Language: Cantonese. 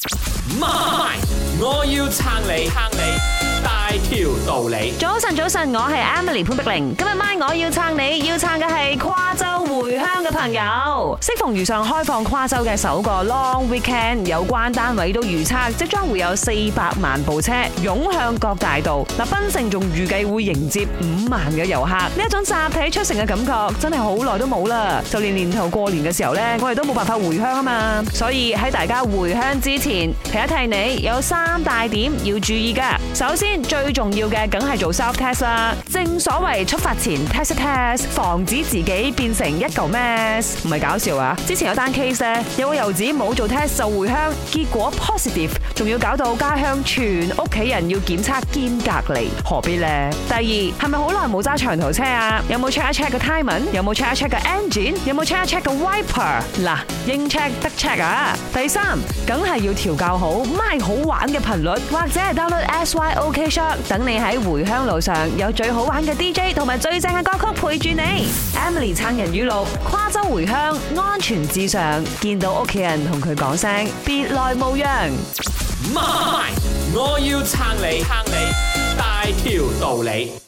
媽咪 My.，我要撐你，撐你大條道理。早晨，早晨，我係 Emily 潘碧玲，今日晚我要撐你，要撐嘅係跨州會。小朋友，適逢遇上開放跨州嘅首個 Long Weekend，有關單位都預測即將會有四百萬部車湧向各大道。嗱，賓城仲預計會迎接五萬嘅遊客，呢一種集體出城嘅感覺真係好耐都冇啦。就連年頭過年嘅時候呢，我哋都冇辦法回鄉啊嘛。所以喺大家回鄉之前，提一提你有三大點要注意噶。首先最重要嘅，梗係做 self test 啦。正所謂出發前 test test，防止自己變成一嚿咩。唔係搞笑啊！之前有單 case 咧，有個遊子冇做 test 就回鄉，結果 positive，仲要搞到家鄉全屋企人要檢測兼隔離，何必呢？第二係咪好耐冇揸長途車啊？有冇 check 一 check 個 timing？有冇 check 一 check 個 engine？有冇 check 一 check 個 wiper？嗱，應 check 得 check 啊！第三，梗係要調校好 my 好玩嘅頻率，或者 download SYOK Shop，等你喺回鄉路上有最好玩嘅 DJ 同埋最正嘅歌曲陪住你。Emily 撐人語錄周回鄉，安全至上。見到屋企人同佢講聲，別來無恙。我要撐你撐你，大條道理。